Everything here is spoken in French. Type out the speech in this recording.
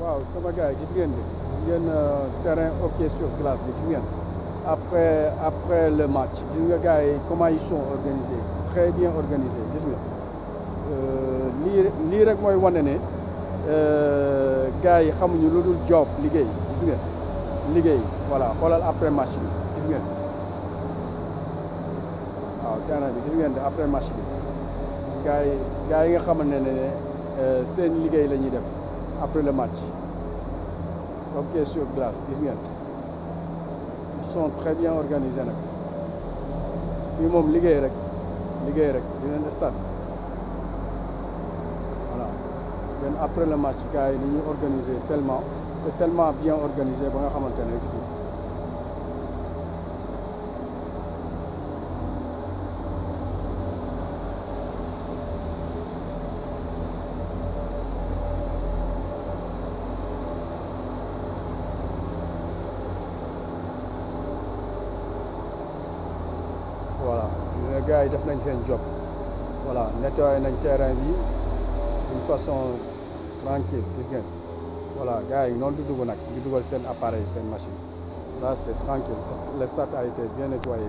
waaw sama gars euh, terrain hockey sur glace après après le match comment ils sont organisés très bien organisés gis que euh, je rek c'est que euh, gars yi job voilà après match machine. après match gars après le match. hockey sur glace ils sont très bien organisés nag fii moom ligué, rek liggéey rek dinañ stade voilà benn après le match gars ont organisé tellement tellement bien organisé ba nga xamante voilà le gars a fait un job voilà nettoyer un terrain vie d'une façon tranquille Voilà, que voilà gars a fait du il appareil une machine là c'est tranquille le stade a été bien nettoyé